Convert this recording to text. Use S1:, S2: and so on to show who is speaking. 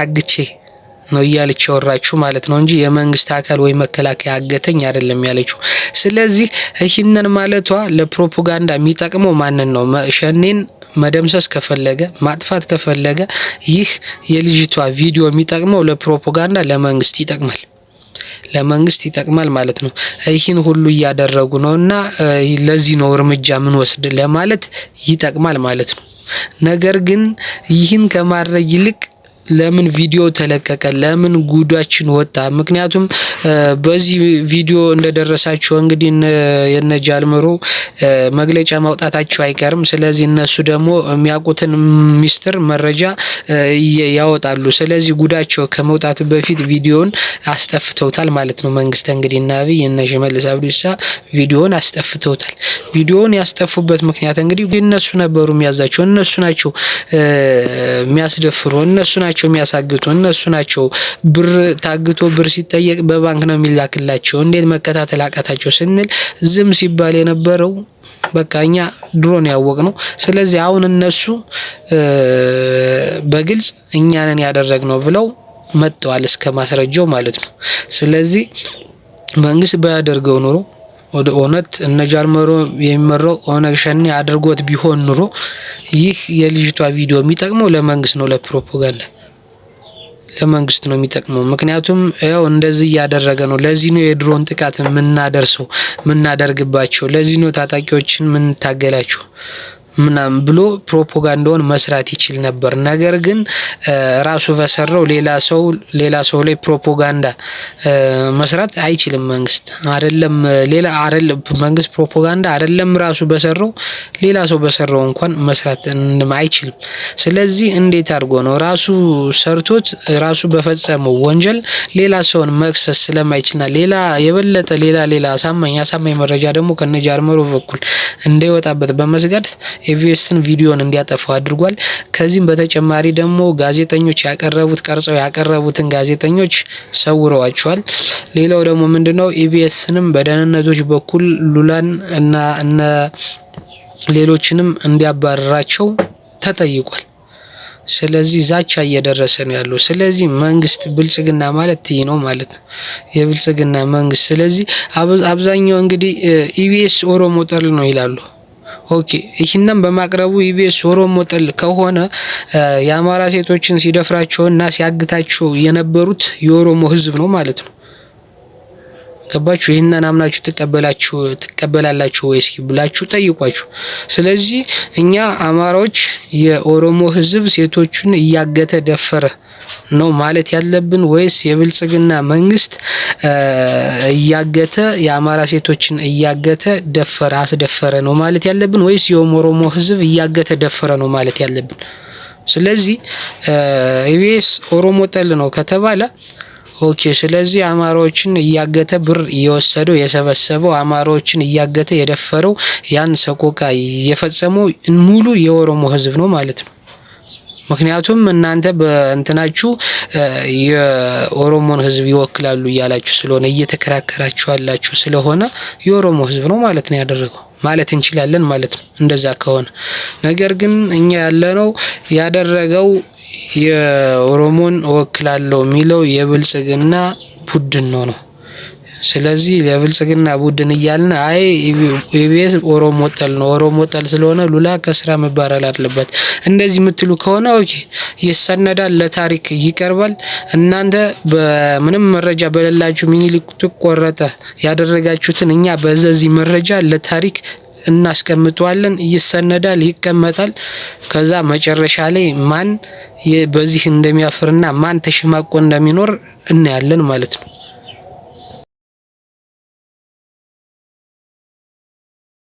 S1: ታግቼ ነው እያለች ያወራችሁ ማለት ነው እንጂ የመንግስት አካል ወይም መከላከያ አገተኝ አይደለም ያለችው። ስለዚህ ይህንን ማለቷ ለፕሮፓጋንዳ የሚጠቅመው ማንን ነው? ሸኔን መደምሰስ ከፈለገ ማጥፋት ከፈለገ ይህ የልጅቷ ቪዲዮ የሚጠቅመው ለፕሮፓጋንዳ ለመንግስት ይጠቅማል ለመንግስት ይጠቅማል ማለት ነው። ይህን ሁሉ እያደረጉ ነው እና ለዚህ ነው እርምጃ ምን ወስድ ለማለት ይጠቅማል ማለት ነው። ነገር ግን ይህን ከማድረግ ይልቅ ለምን ቪዲዮ ተለቀቀ፣ ለምን ጉዳችን ወጣ? ምክንያቱም በዚህ ቪዲዮ እንደደረሳቸው እንግዲህ የነ ጃልመሮ መግለጫ ማውጣታቸው አይቀርም። ስለዚህ እነሱ ደግሞ የሚያውቁትን ሚስጥር መረጃ ያወጣሉ። ስለዚህ ጉዳቸው ከመውጣቱ በፊት ቪዲዮን አስጠፍተውታል ማለት ነው። መንግስት እንግዲህ እና አብይ እነ ሽመልስ አብዲሳ ቪዲዮን አስጠፍተውታል። ቪዲዮን ያስጠፉበት ምክንያት እንግዲህ እነሱ ነበሩ የሚያዛቸው፣ እነሱ ናቸው የሚያስደፍሩ፣ እነሱ ናቸው ናቸው የሚያሳግቱ እነሱ ናቸው። ብር ታግቶ ብር ሲጠየቅ በባንክ ነው የሚላክላቸው። እንዴት መከታተል አቃታቸው ስንል ዝም ሲባል የነበረው በቃ እኛ ድሮን ያወቅ ነው። ስለዚህ አሁን እነሱ በግልጽ እኛንን ያደረግ ነው ብለው መጥተዋል እስከ ማስረጃው ማለት ነው። ስለዚህ መንግስት ባያደርገው ኑሮ ወደ እውነት እነ ጃልመሮ የሚመራው ኦነግ ሸኔ አድርጎት ቢሆን ኑሮ ይህ የልጅቷ ቪዲዮ የሚጠቅመው ለመንግስት ነው፣ ለፕሮፓጋንዳ ለመንግስት ነው የሚጠቅመው። ምክንያቱም ያው እንደዚህ እያደረገ ነው። ለዚህ ነው የድሮን ጥቃት የምናደርሰው የምናደርግባቸው። ለዚህ ነው ታጣቂዎችን የምንታገላቸው። ምናምን ብሎ ፕሮፓጋንዳውን መስራት ይችል ነበር። ነገር ግን ራሱ በሰራው ሌላ ሰው ሌላ ሰው ላይ ፕሮፓጋንዳ መስራት አይችልም። መንግስት አይደለም ሌላ አይደለም መንግስት ፕሮፓጋንዳ አይደለም ራሱ በሰራው ሌላ ሰው በሰራው እንኳን መስራት አይችልም። ስለዚህ እንዴት አድርጎ ነው ራሱ ሰርቶት ራሱ በፈጸመው ወንጀል ሌላ ሰውን መክሰስ ስለማይችልና ሌላ የበለጠ ሌላ ሌላ አሳማኝ አሳማኝ መረጃ ደግሞ ከነ ጃርመሮ በኩል እንዳይወጣበት በመስጋት ኤቪኤስን ቪዲዮን እንዲያጠፋው አድርጓል። ከዚህም በተጨማሪ ደግሞ ጋዜጠኞች ያቀረቡት ቀርጸው ያቀረቡትን ጋዜጠኞች ሰውረዋቸዋል። ሌላው ደግሞ ምንድነው ኢቢኤስንም በደህንነቶች በኩል ሉላን እና እነ ሌሎችንም እንዲያባረራቸው ተጠይቋል። ስለዚህ ዛቻ እየደረሰ ነው ያለው። ስለዚህ መንግስት ብልጽግና ማለት ትይ ነው ማለት ነው የብልጽግና መንግስት። ስለዚህ አብዛኛው እንግዲህ ኢቢኤስ ኦሮሞ ጠል ነው ይላሉ። ኦኬ ይህንን በማቅረቡ ኢቢኤስ ኦሮሞ ጠል ከሆነ የአማራ ሴቶችን ሲደፍራቸውና ሲያግታቸው የነበሩት የኦሮሞ ህዝብ ነው ማለት ነው። ገባችሁ? ይህንን አምናችሁ ትቀበላችሁ ትቀበላላችሁ ወይ እስኪ ብላችሁ ጠይቋችሁ። ስለዚህ እኛ አማራዎች የኦሮሞ ህዝብ ሴቶችን እያገተ ደፈረ ነው ማለት ያለብን ወይስ የብልጽግና መንግስት እያገተ የአማራ ሴቶችን እያገተ ደፈረ አስደፈረ ነው ማለት ያለብን ወይስ የኦሮሞ ህዝብ እያገተ ደፈረ ነው ማለት ያለብን? ስለዚህ ኢቢኤስ ኦሮሞ ጠል ነው ከተባለ ኦኬ ስለዚህ አማራዎችን እያገተ ብር እየወሰደው የሰበሰበው አማራዎችን እያገተ የደፈረው ያን ሰቆቃ የፈጸመው ሙሉ የኦሮሞ ህዝብ ነው ማለት ነው። ምክንያቱም እናንተ በእንትናችሁ የኦሮሞን ህዝብ ይወክላሉ እያላችሁ ስለሆነ እየተከራከራችሁ አላችሁ ስለሆነ የኦሮሞ ህዝብ ነው ማለት ነው ያደረገው ማለት እንችላለን ማለት ነው። እንደዛ ከሆነ ነገር ግን እኛ ያለነው ያደረገው የኦሮሞን እወክላለሁ የሚለው የብልጽግና ቡድን ነው ነው። ስለዚህ የብልጽግና ቡድን እያልን አይ ኢቢኤስ ኦሮሞ ጠል ነው፣ ኦሮሞ ጠል ስለሆነ ሉላ ከስራ መባረር አለበት እንደዚህ የምትሉ ከሆነ ኦኬ፣ ይሰነዳል፣ ለታሪክ ይቀርባል። እናንተ በምንም መረጃ በሌላችሁ ሚኒሊክ ቆረጠ ያደረጋችሁትን እኛ በዚህ መረጃ ለታሪክ እናስቀምጠዋለን። ይሰነዳል፣ ይቀመጣል። ከዛ መጨረሻ ላይ ማን በዚህ እንደሚያፍርና ማን ተሸማቆ እንደሚኖር እናያለን ማለት ነው።